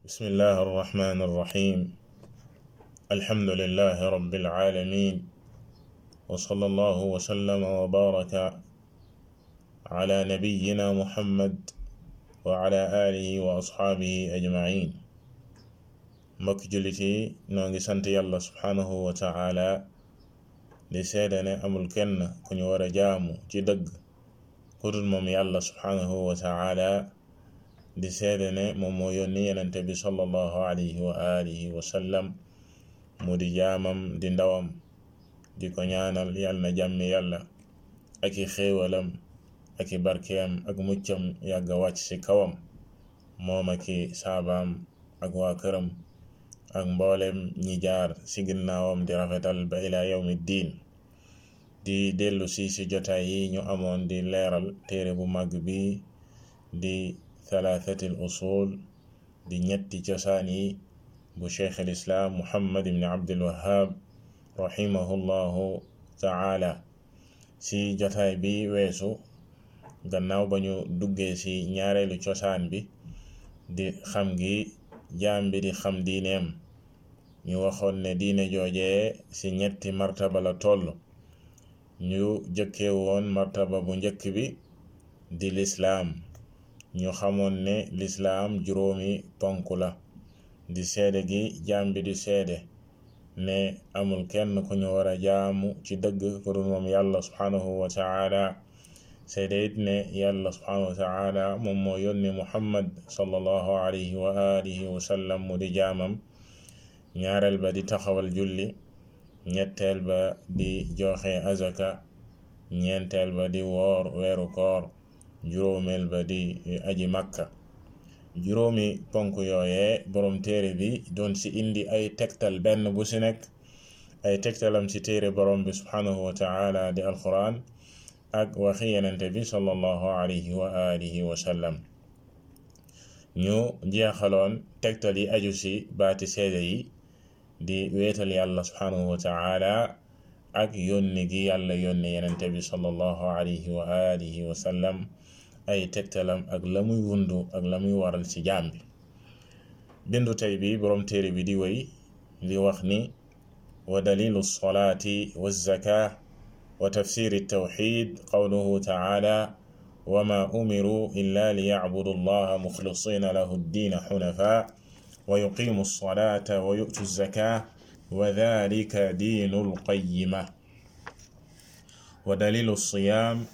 bismillahi arrahmani irrahim alhamdulilahi rabbil alamin wa sallallahu wa sallama wa baraka muhammad wa ala alihi wa asxaabihi ajmain mbokk jullit yi noo ngi ne amul kenn a jaamu ci dëgg ku dul moom yàlla subhaanahu wa di seede ne moom moo yónni yenente bi sallallahu alayhi wa alihi wa sallam mu di jaamam di ndawam di ko ñaanal yal na jàmmi yàlla ak i xéewalam ak i barkeem ak muccam yàgga wàcc ci kawam moom ak i saabaam ak waa këram ak mboolem ñi jaar ci ginnaawam di rafetal ba ila yawmi diin di dellu si ci jotaay yi ñu amoon di leeral téere bu màgg bi di thalathati al usul di ñetti cosaan yi bu cheikh al islaam muhammad ibn abdul wahab rahimahullahu taala si jotaay bi weesu gannaaw ba ñu duggee ci ñaareelu cosaan bi di xam gi jaam bi xam diineem ñu waxoon ne diine joojee ci ñetti martaba la toll ñu jëkkee woon martaba bu njëkk bi di lislaam ñu xamoon ne lislaam juróomi ponk la di seede gi jaam bi di seede ne amul kenn ku ñu war a jaamu ci dëgg ku dul moom yàlla subhaanahu wa taala seede it ne yàlla subhaanahu wa taala moom moo yónni muhammad sallallahu alayhi wa mu di jaamam ñaareel ba di taxawal julli ñetteel ba di joxe azaka ñeenteel ba di woor weeru koor juróomeel ba di aji makka juróomi ponk yooyee borom téere bi doon ci indi ay tegtal benn bu ci nekk ay tegtalam ci téere borom bi subhanahu wa taala di alquran ak waxi yenente bi sallallahu alayhi wa alihi wa sallam ñu jeexaloon yi aju ci baati seede yi di weetal yàlla subhanahu wa taala ak yónni gi yàlla yónni yenente bi ay tegtalam ak la muy wundu ak la muy waral ci jaam bi bindu tey bi boroom téere bi di woy li wax ni wa dalilu lsolaati walzaka wa tafsiri ltawxid qawluhu taala wama umiruu illa liyacbudu allaha muxlisina lahu ddiina xunafa wa yuqimu alsolata wa yu'tu alzaka wa dalika diinu alqayima wa dalilu lsiyaam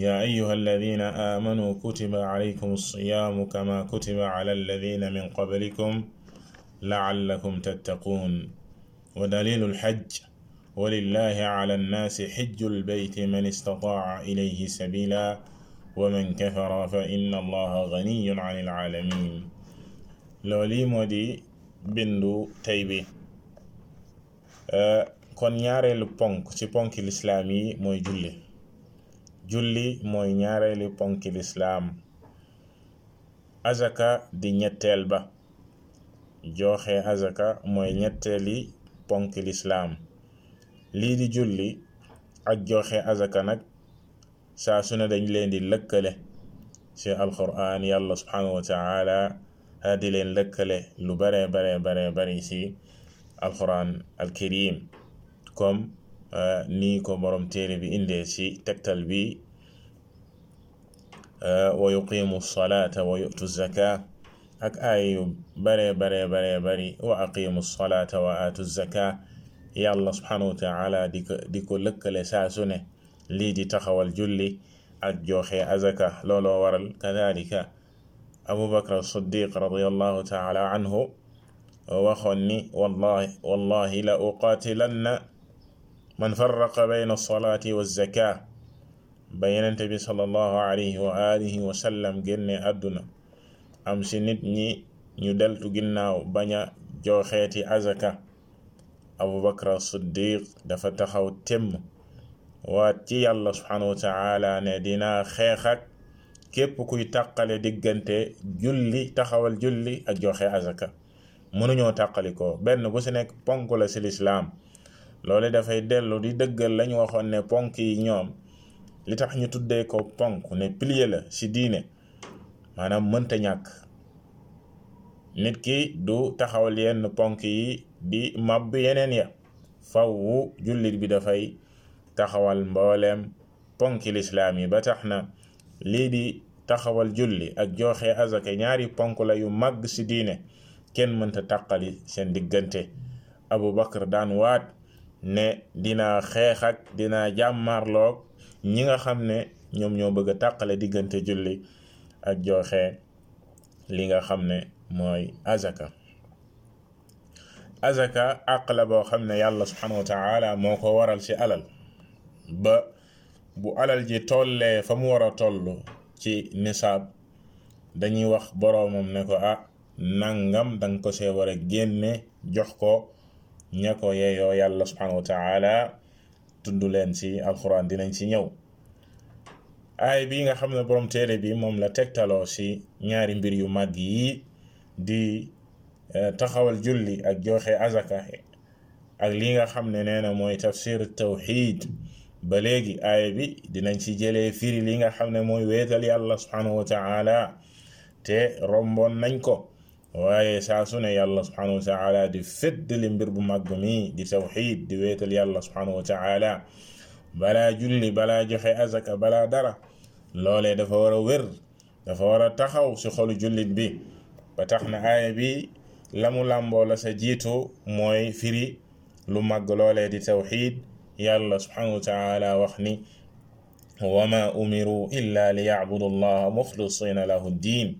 يا أيها الذين آمنوا كتب عليكم الصيام كما كتب على الذين من قبلكم لعلكم تتقون ودليل الحج ولله على الناس حج البيت من استطاع إليه سبيلا ومن كفر فإن الله غني عن العالمين loolu moo di bindu tey bi kon ñaareelu ponk ci ponki lislaam yi mooy julli julli mooy ñaareeli ponki lislaam azaka di ñetteel ba joxe azaka mooy ñetteeli ponki lislaam lii di julli ak joxe azaka nag saa su ne dañ leen di lëkkale ci alquran yàlla subhanahu wa taala di leen lëkkale lu bare bare bare bari ci alquran alkarim comme Eh, ni ko borom téere bi indee ci tegtal bi eh, wa yuqimu salaata wa yu'tu zaka ak ay yu baree di ko di ko lëkkale lii di taxawal julli ak joxe azaka looloo waral kadalika abubakar siddiq radiallahu taala anhu waxoon ni wallahi wallahi la uqaatilanna man farraqa bayna alsalaati wa zaka ba yenente bi sallallahu alayhi wa alihi wa sallam génne àdduna am si nit ñi ñu deltu ginnaaw bañ a jooxeeti azaka abubakar siddiq dafa taxaw temm waat ci yàlla subhanahu wa ne dinaa xeex ak képp kuy tàqale diggante julli taxawal julli ak joxe azaka mënuñoo tàqalikoo benn bu si nekk ponk la si lislaam loole dafay dellu di dëggal lañu waxoon ne ponk yi ñoom li tax ñu tuddee ko ponk ne pilier la ci diine maanaam mënta ñàkk nit ki du taxawal yenn ponk yi di màbb yeneen ya faw wu jullit bi dafay taxawal mbooleem ponki lislaam yi ba tax na lii di taxawal julli ak joxe azaka ñaari ponk la yu màgg si diine kenn mënta taqali seen diggante Abu Bakr daan waat ne dinaa xeexak ak dinaa jàmmarloog ñi nga xam ne ñoom ñoo bëgg a tàqale diggante julli ak joxe li nga xam ne mooy azaka azaka àq boo xam ne yàlla subhanahu wa moo ko waral ci alal ba bu alal ji tollee fa mu war a toll ci nisaab dañuy wax boroomam ne ko ah nangam danga ko see war a génne jox ko ña ko yeeyoo yàlla subhanahu wa taala tudd leen ci alquran dinañ ci ñëw aay bi nga xam ne borom téere bi moom la tegtaloo si ñaari mbir yu mag yi di eh, taxawal julli ak joxe azaka ak li nga xam ne nee mooy tafsir tawxid ba léegi aaya bi dinañ ci jëlee firi li nga xam ne mooy wéetal yàlla subhanahu wa te romboon nañ ko waaye saa su ne yàlla subhanahu wa taala di feddali mbir bu màgg mi di tawxiid di wéetal yàlla subhanahu wa taala balaa julli balaa joxe azaka balaa dara loolee dafa war a dafa war a taxaw ci xolu jullit bi ba na aaya bi la mu làmboo sa jiitu mooy firi lu màgg loolee di tawxiid yàlla subhanahu wa taala wax ni wa umiru illa li yacbudu allaha muxlisina lahu diin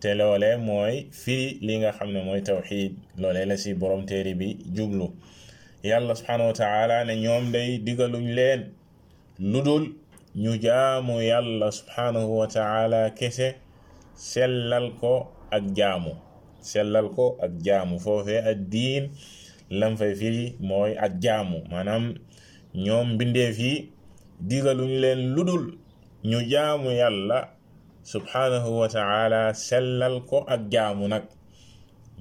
te loolee mooy firi li nga xam ne mooy tawxiid loolee la si borom téere bi jublu yàlla subhanahu ne ñoom day digaluñ leen lu dul ñu jaamu yàlla subhanahu wa kese sellal ko ak jaamu sellal ko ak jaamu foofee ak diin lam fay firi mooy ak jaamu maanaam ñoom mbindeef yi digaluñ leen lu ñu jaamu yàlla subhaanahu wa sellal ko ak jaamu nag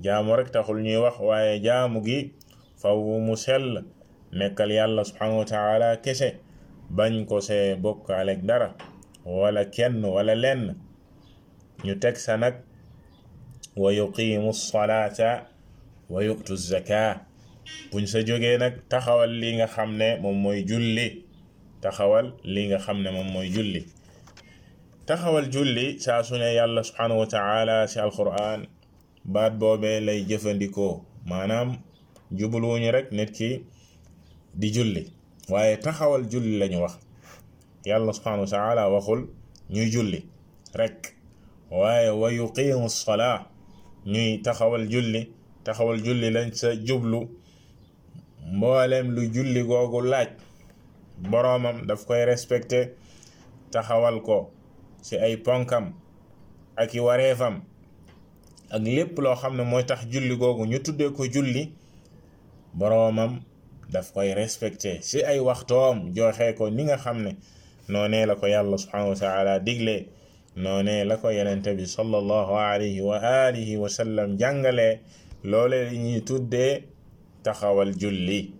jaamu rek taxul ñuy wax waaye jaamu gi faw mu sell nekkal yàlla subhaanahu wa kese bañ ko see bokkaale ak dara wala kenn wala lenn ñu teg sa nag wa yuqiimu salaata wa yu'tu zaka buñ sa jógee nag taxawal lii nga xam ne moom mooy nga xam ne moom mooy julli taxawal julli saa su yàlla subhanahu wa taala ci alquran baat boobee lay jëfandikoo maanaam jubluwuñu rek nit ki di julli waaye taxawal julli lañu wax yàlla subhanahu wa waxul ñuy julli rek waaye wa yuqimu salaa ñuy taxawal julli taxawal julli lañ sa jublu mboolem lu julli googu laaj boroomam daf koy respecté taxawal ko ci ay ponkam ak i wareefam ak lépp loo xam ne mooy tax julli googu ñu tuddee ko julli boroomam daf koy respecté ci ay waxtoom joxe ko ni nga xam ne noonee la ko yàlla subhanahu wa taala digle noonee la ko yenente bi sallallahu alayhi wa alihi wa sallam loole li tuddee taxawal julli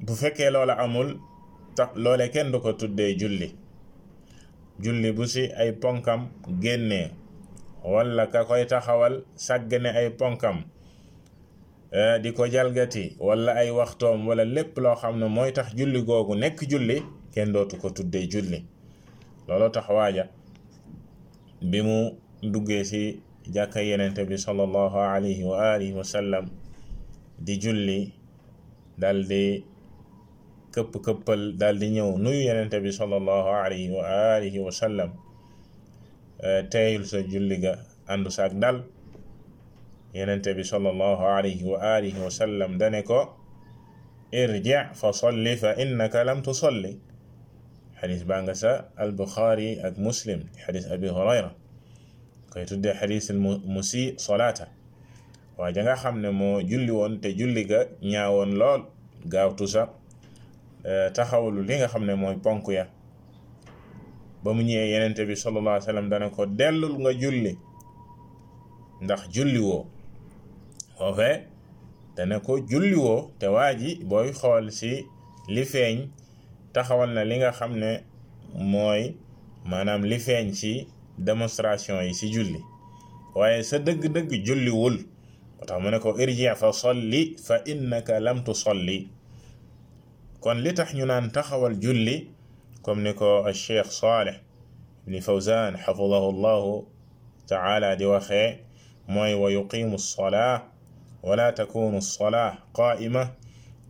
bu fekkee loola amul tax loole kenn du ko tuddee julli julli bu ci ay ponkam génnee walla ka koy taxawal sàggane ay ponkam e, di ko jalgati walla ay waxtoom walla lépp loo xam ne mooy tax julli googu nekk julli kenn dootu ko tuddee julli loolu tax waaja bi mu duggee ci jàkka yenente bi sallallahu alayhi wa alihi wa sallam di julli daldi këpp këppal daal di ñëw nuyu yenente bi sallallahu alayhi wa alihi eh, sa julli ga àndu dal yenente bi sallallahu alayhi wa dane ko irji fa solli fa innaka lam tusolli xadis baa nga ak muslim xadis abi hurayra koy tudde xadis musi solaata waa xam ne moo julli woon te julli ga lool gaawtu Euh, taxawalu li nga xam ne mooy ponk ya ba mu ñëwee yenent bi sallallahu alayhi dana ko dellul nga julli ndax julli woo foofee dana ko julli woo te waa ji booy xool si li feeñ taxawal na li nga xam ne mooy maanaam li feeñ ci démonstration yi si julli waaye sa dëgg-dëgg julliwul moo tax mu ne ko irji fa solli fa innaka lam tusolli kon li tax ñu naan taxawal julli comme ni ko cheikh Salih ibni Fawzan xafidahu llahu taala di waxee mooy wa yuqimu alsolaa wala takunu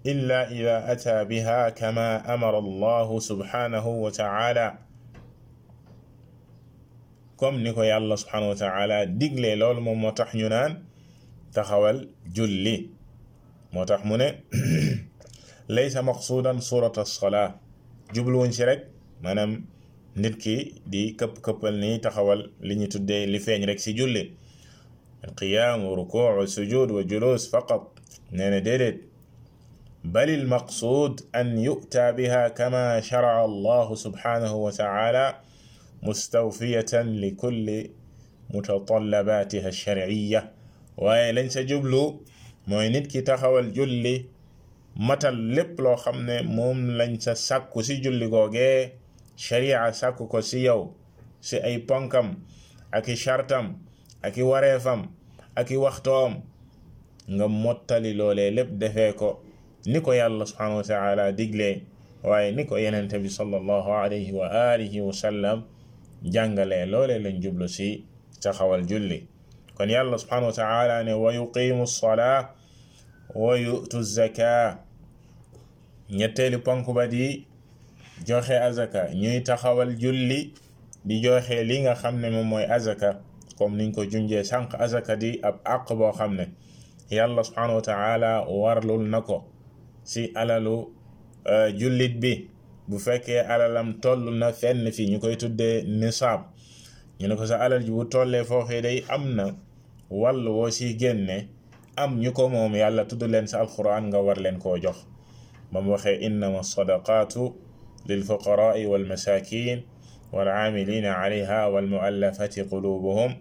ida ataa biha kama amara allahu subhanahu wa taala ni ko yàlla subhanahu wa moo tax ñu naan taxawal julli moo tax mu ne laysa maqsudan surata solaa jubluwuñ si rek maanaam nit ki di këpp-këppal ni taxawal li ñu tuddee li feeñ rek si julli al qiyaam wa rukuu wa sujud wa julus faqat nee na déedéet bal al maqsuud an yu'ta biha kama shara'a allahu subhanahu wa ta'ala mustawfiyatan li kulli mutatallabaatiha ash-shar'iyya waaye lañ sa jublu mooy nit ki taxawal julli matal lépp loo xam ne moom lañ sa sàkku ci julli googee sharia sàkku ko ci yow si ay ponkam ak i chartam ak i wareefam ak i waxtoom nga mottali loolee lépp defee ko ni ko yàlla subhanahu wa taala diglee waaye ni ko yenente bi sallallahu alayhi wa alihi wa sallam jàngalee loolee lañ jublu ci taxawal julli kon yàlla subhanahu wa taala ne wa yuqimu salaa wa yu'tu zakaa ñetteelu ponk ba di joxe azaka ñuy taxawal julli di joxe li nga xam ne moom mooy azaka comme niñ ko junjee sànq azaka di ab àq boo xam ne yàlla subhanahu wa warlul na ko si alalu euh, jullit bi bu fekkee alalam toll na fenn fi ñu koy tuddee nisaab ñu ne ko sa alal ji bu tollee foofee day am na wàll woo si génne am ñu ko moom yàlla tudd leen sa alquran nga war leen koo jox ba mu waxee innama sadaqaatu lil fuqaraai wal masaakiin wal aamiliina alayha wal muallafati quluubuhum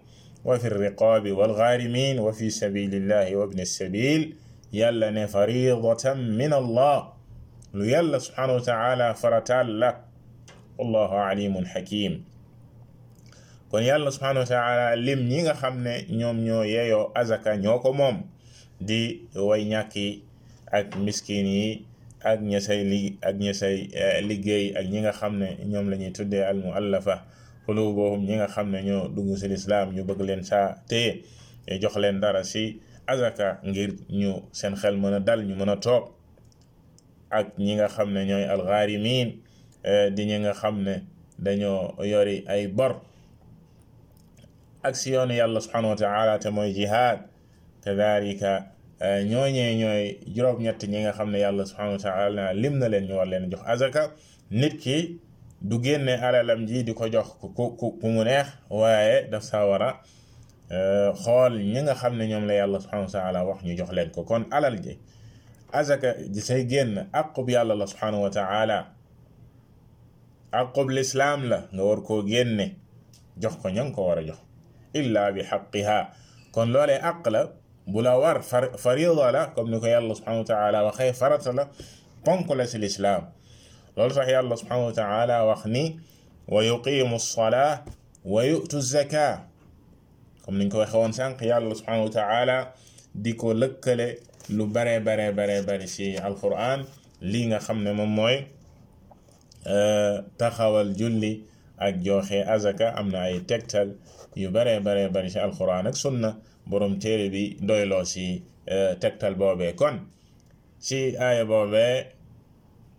wa fi riqaabi wal ghaarimiin wa fi sabiilillahi wa ibni sabiil yàlla ne fariidatan min allah lu yàlla subhaanahu wa taala farataal la wallahu alimun hakim kon yàlla subhanahu wa taala lim ñi nga xam ne ñoom ñoo yeeyoo azaka ñoo ko moom di way ñàkki ak miskin yi ak ña say li ak eh, liggéey ak ñi nga xam ne ñoom la ñuy tuddee al muallafa qulubuhum ñi nga xam ne ñoo dugg si lislaam ñu bëgg leen saa téye eh, jox leen dara si azaka ngir ñu seen xel mën a dal ñu mën a toog ak ñi nga xam ne ñooy alxaarimiin eh, di ñi nga xam ne dañoo yori ay bor ak si yoon yàlla subhanahu wa taala te mooy jihaad kadalika Euh, ñooñee ñooy juróom-ñett ñi nga xam ne yàlla subhanahu wa taala lim na leen ñu war leen jox azaka nit ki du génne alalam ji di ko jox ko ku ku mu neex waaye daf saa war a euh, xool ñi nga xam ne ñoom la yàlla subhanahu wa wax ñu jox leen ko kon alal ji azaka ji say génn àqub yàlla la subhanahu wa taala àqub lislaam la nga war koo génne jox ko ña nga ko war a jox illa bi xaqiha kon loolee àq la bu la war farida la comme ni ko yàlla subhanahu wa taala waxee farata la ponk la ci lislaam loolu tax yàlla subhanahu wa taala wax ni wa yuqimu salaa wa yu'tu zaka comme ni ko waxee woon sànq yàlla subhanahu wa taala di ko lëkkale lu bare bare bare bare ci alquran lii nga xam ne moom mooy euh, taxawal julli ak joxe azaka am na ay tegtal yu bare bare bare ci alquran ak sunna borom téere bi doyloo si eh, tegtal boobee kon si aaya boobee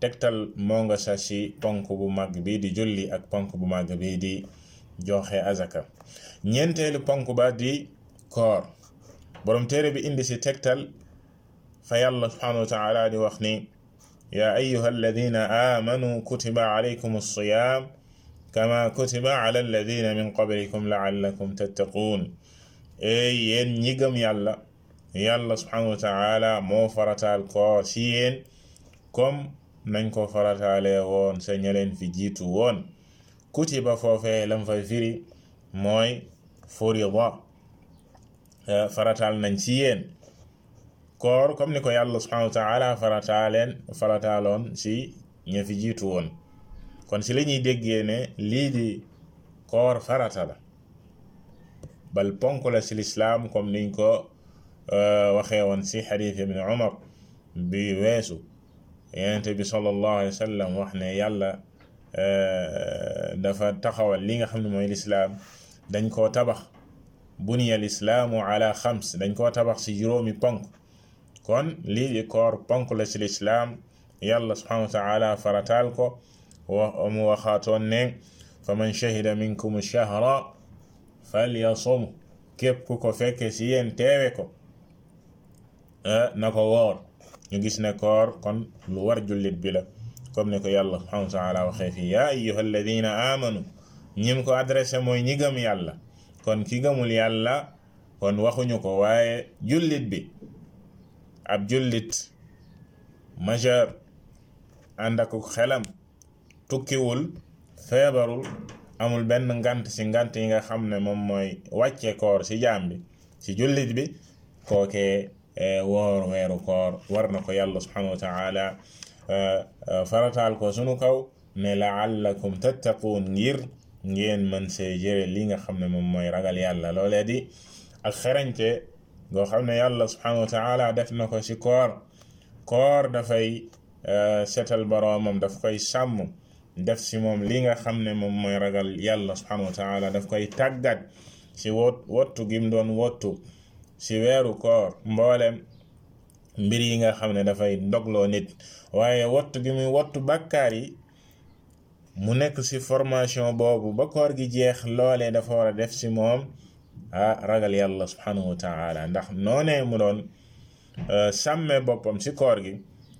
tegtal moo nga sa si ponk bu mag bi di julli ak ponk bu mag bi di joxe azaka ñeenteelu ponk ba di koor borom téere bi indi si tegtal fa yàlla subhanahu wa taala di wax ni yaa ayuha alladina amanu kutiba alaykum alsiyaam kama kutiba ala alladina min qablikum laallakum tattaquun yéen ñi gëm yàlla yàlla subhanahu wa taala moo farataal koor ci yéen comme nañ ko farataale woon sa ñaleen fi jiitu woon kutiba foofee lam fay firi mooy furida eh, farataal nañ ci yéen koor comme ni ko yàlla subhanahu wa taala farataaleen farataaloon ci ña fi jiitu woon kon si lañuy ñuy déggee ne lii di koor farata bal ponk la ci lislaam comme niñ ko euh, waxee woon si xadiis ibn Umar bi weesu yenente bi sallallahu alayhi wa sallam wax ne yàlla euh, dafa taxawal li nga xam ne mooy lislaam dañ koo tabax buniya lislaamu ala xams dañ koo tabax si juróomi ponk kon lii di koor ponk la ci lislaam yàlla subhanahu wa taala farataal ko wa mu waxaatoon man shahida minkum shahra falya somu képp ku ko fekke si yéen teewe ko na ko woor ñu gis ne koor kon lu war jullit bi la comme ni ko yàlla subhanahu wa waxee fii ya ayyuha alladina amanu ñim ko adressé mooy ñi gëm yàlla kon ki gëmul yàlla kon waxuñu ko waaye jullit bi ab jullit majeur ànd ak xelam tukkiwul feebarul amul benn ngant ci ngant yi nga xam ne moom mooy wàcce koor ci jaam bi ci jullit bi kookee eh, woor weeru koor war na ko yàlla subhanahu wa taala eh, farataal ko sunu kaw ne laallakum tattaquun ngir ngeen mën see jëre nga xam ne moom mooy ragal yàlla loolee di ak xerañte goo xam ne yàlla subhanahu wa taala def na ko ci koor koor dafay eh, setal boroomam daf koy sàmm def si moom li nga xam ne moom mooy ragal yàlla subhanahu wa taala daf koy tàggat si wot wottu gim doon wotu si weeru koor mboolem mbir yi nga xam ne dafay dogloo nit waaye wottu gi muy wottu bàkkaar yi mu nekk si formation boobu ba koor gi jeex loole dafa war a def si moom ah ragal yàlla subhanahu wa ndax noonee mu doon euh, sàmmee boppam si koor gi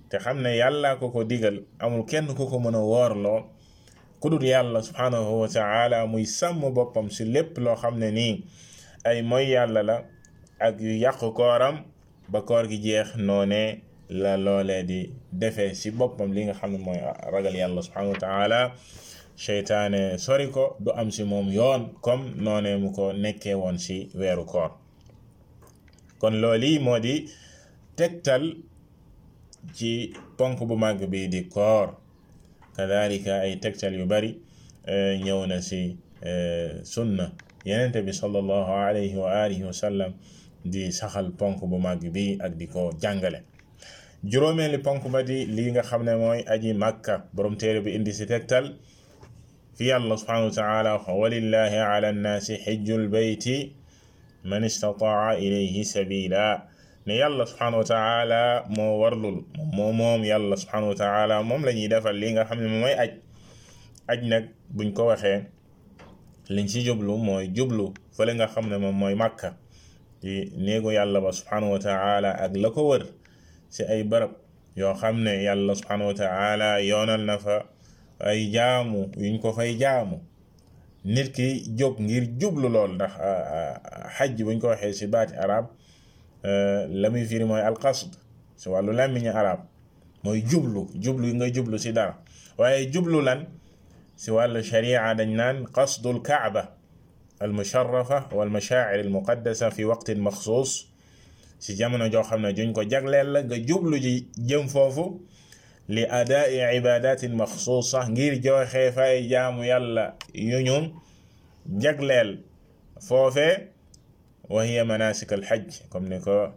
te xam ne yàlla ko ko digal amul kenn ku ko mën a woorloo ku yàlla subhanahu wa muy sàmm boppam si lépp loo xam ne nii ay mooy yàlla la ak yu yàqu kooram ba koor gi jeex noone la loolee di defee si boppam li nga xam ne mooy ragal yàlla subhanahu wa seytaane sori ko du am si moom yoon comme noone mu ko nekkee woon si weeru koor kon loolu moo di tegtal ci ponk bu màgg bi di koor kadalika ay tegtal yu bari e, ñëw na si e, sunna yenente bi sallallahu alayhi wa alihi wa sallam di saxal ponk bu màgg bi ak di ko jàngale juróomeeli ponk ba di lii nga xam ne mooy aji màkka borom téere bi indi si tegtal fi yàlla subhanahu wa taala walillahi ala nnaasi xijjul bayti man istataa ilayhi sabila ne yàlla subhanahu wa taala moo warlul moo moom yàlla subhanahu wa taala moom la ñuy li nga xam ne mooy aj aj nag buñ ko waxee liñ ci jublu mooy jublu fële nga xam ne moom mooy màkka di néegu yàlla ba subhanahu wa taala ak la ko wër si ay barab yoo xam ne yàlla subhanahu wa taala yoonal na fa ay jaamu yuñ ko fay jaamu nit ki jóg ngir jublu lool ndax xaj ah, ah, buñ ko waxee si baati arab Euh, la muy firi mooy alqasd si wàllu làmmiñu arab mooy jublu jublu nga si dara waaye jublu lan si wàllu sharia dañ naan qasdul kaaba al musharrafa wal mashaa'ir al muqaddasa fi waqtin maxsuus si jamono joo xam ne juñ ko jagleel la nga jublu ji jëm foofu li adaai ibadatin maxsuusa ngir joxe fay jaamu yàlla yu jagleel foofe wa hiya manasik alxaj comme ni ko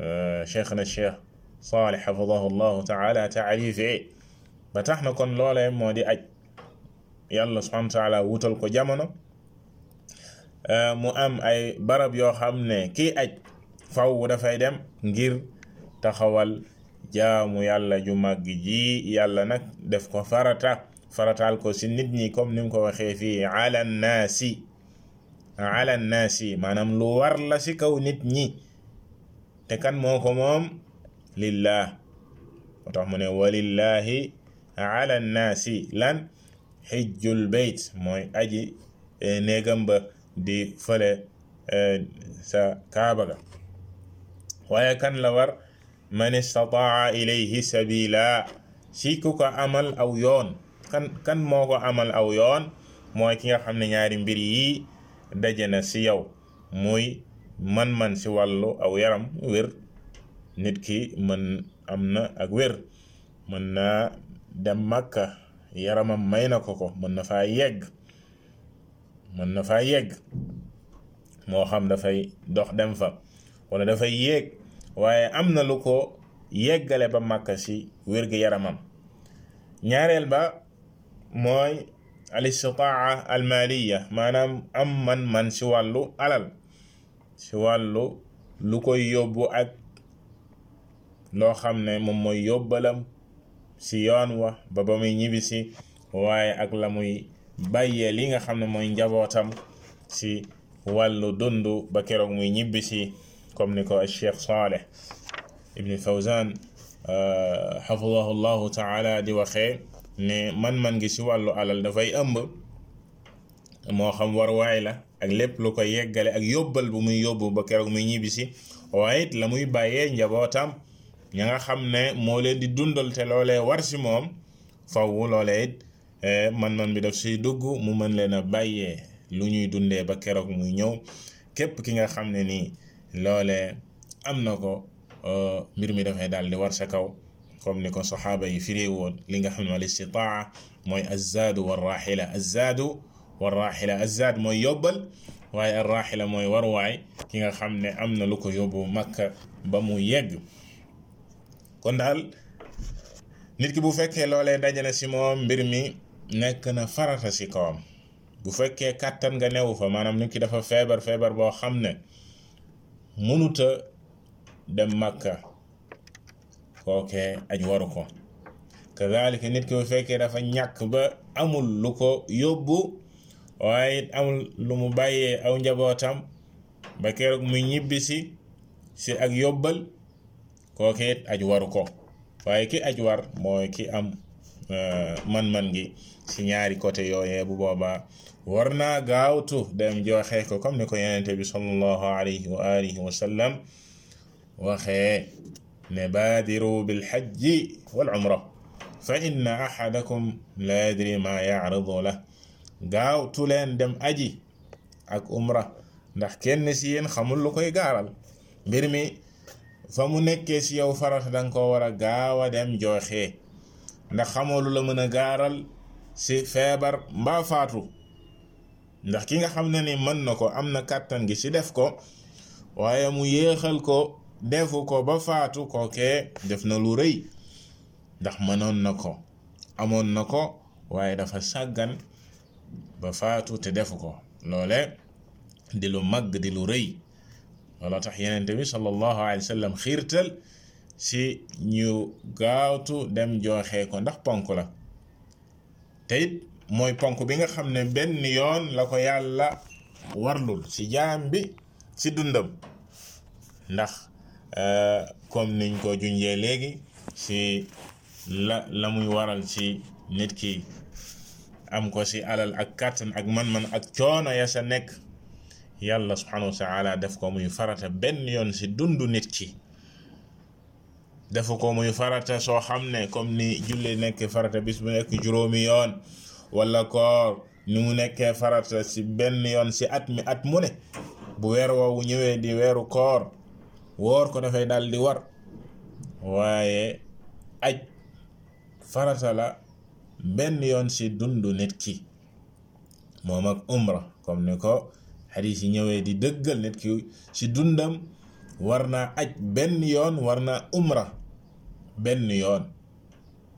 euh, cheikhna cheikh Saalih xafidahu llahu taala taarifee ba na kon loolee moo di aj yàlla subhanahu taala wutal ko jamono euh, mu am ay barab yoo xam ne kii aj faw dafay dem ngir taxawal jaamu yàlla ju màgg ji yàlla nag def ko farata farataal ko ci nit ñi comme ni mu ko waxee fii ala naasi ala naasi maanaam lu war la ci kaw nit ñi te kan moo ko moom lillah moo tax mu ne walillahi ala naasi lan xijjul beyt mooy aji eh, néegam ba di fële eh, sa kaaba waaye kan la war man istataa ilayhi sabila si ku ko amal aw kan kan moo ko amal aw yoon mooy ki nga xam ne ñaari mbir yi daje na si yow muy man-man ci wàllu aw yaram wér nit ki mën am na ak wér mën naa dem màkka yaramam may na ko ko mën na faa yegg mën na faa yegg moo xam dafay dox dem fa wala dafay yéeg waaye am na lu ko yeggale ba màkka ci wér gi yaramam ñaareel ba mooy al istitaa al maliya maanaam am man-man si wàllu alal si wàllu lu koy yóbbu ak loo xam ne moom mooy yóbbalam si yoon wa ba muy ñibbisi waaye ak la muy bàyyee li nga xam ne mooy njabootam si wàllu dund ba keroog muy ñibbisi comme ni ko Cheikh Saleh Ibn Fawzan xafidahu euh, llahu taala di waxee ne man-man ngi si wàllu alal dafay ëmb moo xam waruwaay la ak lépp lu ko yeggale ak yóbbal bu muy yóbbu ba keroog muy ñibbisi waaye la muy bàyyee njabootam ña nga xam ne moo leen di dundal te loolee war si moom faww loolee it eh, man-man bi def siy dugg mu mën leen a bàyyee lu ñuy dundee ba keroog mu ñëw képp ki nga xam ne nii loole am na ko eh, mbir mi dafay daal di war sa kaw comme ni ko saxaaba yi firee li nga xam ne al istitaa mooy azzaadu war raaxila azzaadu war raaxila azzaad mooy yóbbal waaye ar raaxila mooy warwaay ki nga xam ne am na lu ko yóbbu makka ba mu yegg kon daal nit ki bu fekkee loole dajale si moom mbir mi nekk na farata si kawam bu fekkee kàttan nga newu fa maanaam nit ki dafa feebar feebar boo xam ne mënuta dem makka kookee aj waru ko kazalika nit ki bu fekkee dafa ñàkk ba amul lu ko yóbbu waaye amul lu mu bàyyee aw njabootam ba keroog muy ñibbisi si ak yóbbal kookee it aj waru ko waaye ki aj war mooy ki am eh, man-man gi ci ñaari côté yooyee bu boobaa war naa gaawtu dem joxe ko comme ni ko yenente bi sallallahu alayhi wa alihi waxee ne baadiru bilxajji wal umra fa inna ahadakum la yadri ma yaaridu la gaaw tuleen dem aji ak umra ndax kenn si yéen xamul lu koy gaaral mbir mi fa mu nekkee si yow farata danga ko war a gaaw a dem jooxee ndax xamoo lu la mën a gaaral si feebar mbaa ndax ki nga xam ne ni mën na ko am na kàttan gi si def ko waaye mu yéexal ko defu ko ba faatu kookee def na lu rëy ndax mënoon na ko amoon na ko waaye dafa sàggan ba faatu te defu ko loole di lu màgg di lu rëy loola tax yenente bi sallallahu alayhi wa sallam xiirtal si ñu gaatu dem jooxee ko ndax ponk la te mooy ponk bi nga xam ne benn yoon la ko yàlla warlul ci jaam bi ci dundam ndax Euh, comme niñ ko junjee léegi si la la muy waral si nit ki am ko si alal ak kàttan ak man-man ak coono ya sa nekk yàlla subhanahu wa def ko muy farata benn yoon si dundu nit ki dafa ko muy farata soo xam ne comme ni julli nekkee farata bis bu nekk juróomi yoon wala koor ni mu nekkee farata si benn yoon si at mi at mu ne bu weer woowu ñëwee di weeru koor woor ko dafay daal di war waaye aj farata la benn yoon si dund nit ki moom ak umra comme ni ko xadiis yi ñëwee di dëggal nit ki ci dundam war naa aj benn yoon war naa umra benn yoon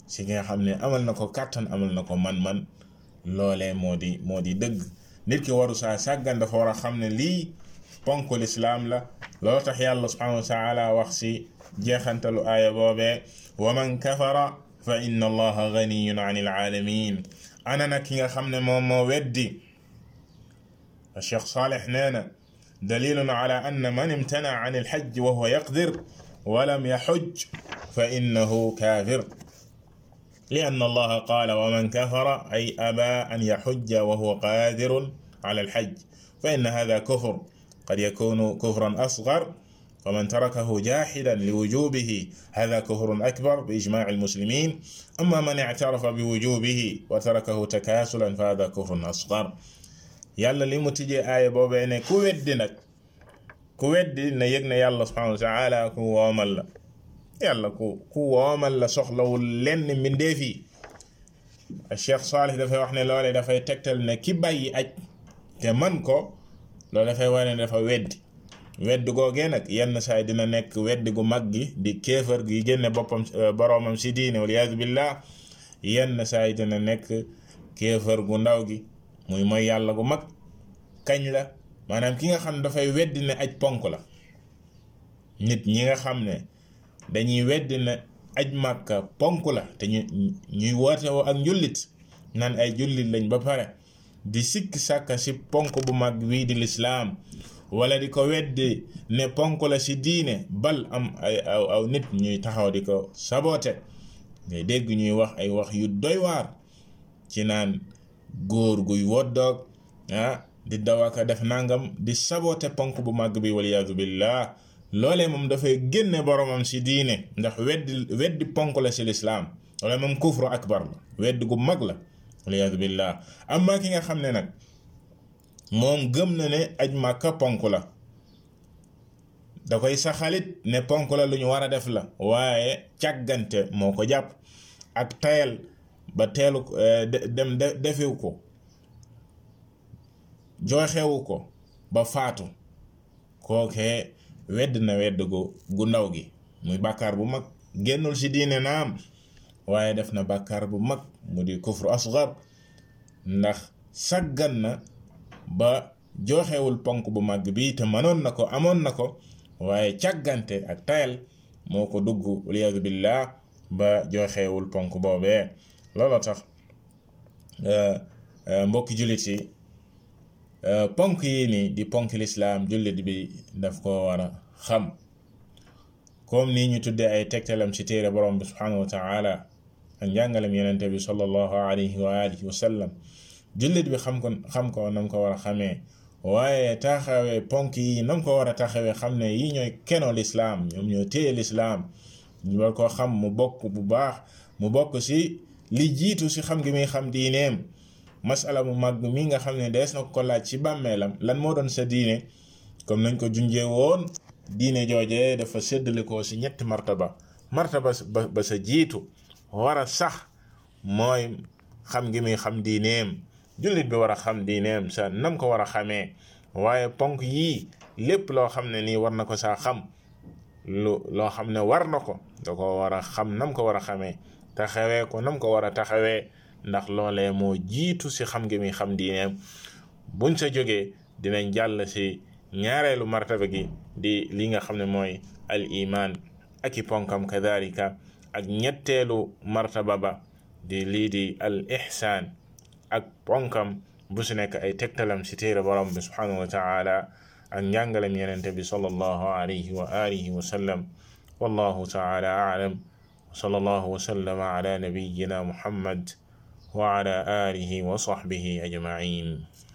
ci nga xam ne amal na ko kàttan amal na ko man-man loolee moo di moo di dëgg nit ki waru saa sàggan dafa war a xam ne lii ponk lislaam la loolu tax yàlla subhanahu wa taala wax si jeexantalu aaya boobee wa man kafara fa inna allaha ganiyun an ilaalamin ana na ki nga xam ne moom moo weddi cheikh saalih nee na dalilun ala anna man imtana an ilxajj wa huwa yaqdir wa lam yaxujj fa innahu kaafir لأن الله قال ومن كفر أي أبى أن يحج وهو قادر على الحج فإن هذا كفر قد يكون كفرا أصغر ومن تركه جاحدا لوجوبه هذا كفر أكبر بإجماع المسلمين أما من اعترف بوجوبه وتركه تكاسلا فهذا كفر أصغر yàlla li mu tijjee aaya boobee ne ku weddi nag ku weddi na yëg ne yàlla subhanahu wa taala ku woomal la yàlla ku ku woomal la soxlawul lenn mbindeef yi Cheikh Saalih dafay wax ne loolee dafay tegtal ne ki bàyyi aj te man ko loolu dafay wane ne dafa weddi weddi googee nag yenn saa saay dina nekk weddi gu mag gi di kéefër gi génne boppam eh, boroomam si diine wal iyaazu billah yenn saay dina nekk kéefër gu ndaw gi muy mooy yàlla gu mag kañ la maanaam ki nga xam ne dafay weddi ne aj ponk la nit ñi nga xam ne dañuy weddi ne aj màkka ponk la te ñu ñuy woote woo ak njullit naan ay jullit lañ ba pare di sikk sàkka si ponk bu mag wii di lislaam wala di ko weddi ne ponk la si diine bal am ay aw aw nit ñuy taxaw di ko saboote ngay dégg ñuy wax ay wax yu doy waar ci naan góor guy woddoog ah di dawaka def nangam di saboote ponk bu mag bi waliyaadu billah loole moom dafay génne boromam si diine ndax weddi weddi ponk la si lislaam loolee moom kufru akbar la wedd gu mag la waliyaadu billah amma ki nga xam ne nag moom gëm na ne aj màkka ponk la da koy saxalit ne ponk la lu ñu war a def la waaye càggante moo ko jàpp ak tayal ba teelu eh, dem defiw ko joxewu ko ba faatu kookee wedd na wedd gu gu ndaw gi muy bàkkaar bu mag génnul ci diine naam waaye def na bàkkaar bu mag mu di kufru asgar ndax saggan na ba joxewul ponk bu màgg bi te mënoon na ko amoon na ko waaye càggante ak tayal moo ko dugg waliyaadu billah ba joxewul ponk boobee loola tax euh, euh, mbokki jullit yi euh, ponk yi nii di ponk lislaam jullit bi daf ko war a xam comme nii ñu tuddee ay tegtalam ci téere borom bi subhanahu wa ak njàngalem yonente bi sallallahu alayhi wa alihi wa sallam jullit bi xam ko xam ko nam ko war a xamee waaye taxawee ponk yi na nam ko war a taxawee xam ne yi ñooy keno lislaam ñoom ñoo téye lislaam ñu war xam mu bokk bu baax mu bokk si li jiitu si xam gi muy xam diineem masala mu mag mi nga xam ne dees na ko laaj ci bàmmeelam lan moo doon sa diine comme nañ ko junjee woon diine joojee dafa séddale ko si ñetti martaba martaba ba sa jiitu war a sax mooy xam gi muy xam diineem jullit bi war a xam diineem sa nam ko war a xamee waaye ponk yii lépp loo xam ne nii war na ko saa xam lu loo xam ne war na ko da ko war a xam nam ko war a xamee taxawee ko nam ko war a taxawee ndax loolee moo jiitu si xam gi muy xam diineem buñ sa jógee dinañ jàll si ñaareelu martaba gi di lii nga xam ne mooy al iman ak i ponkam kadalika ak ñetteelu martaba ba di lii di al ihsaan ak ponkam bu si nekk ay tegtalam si téere borom bi subhanahu wa taala ak njàngalem yenente bi sallallahu alayhi wa alihi wa sallam wallahu taala aalam wa sallallahu wa sallama ala nabiyina muhammad wa ala alihi wa sahbihi ajmain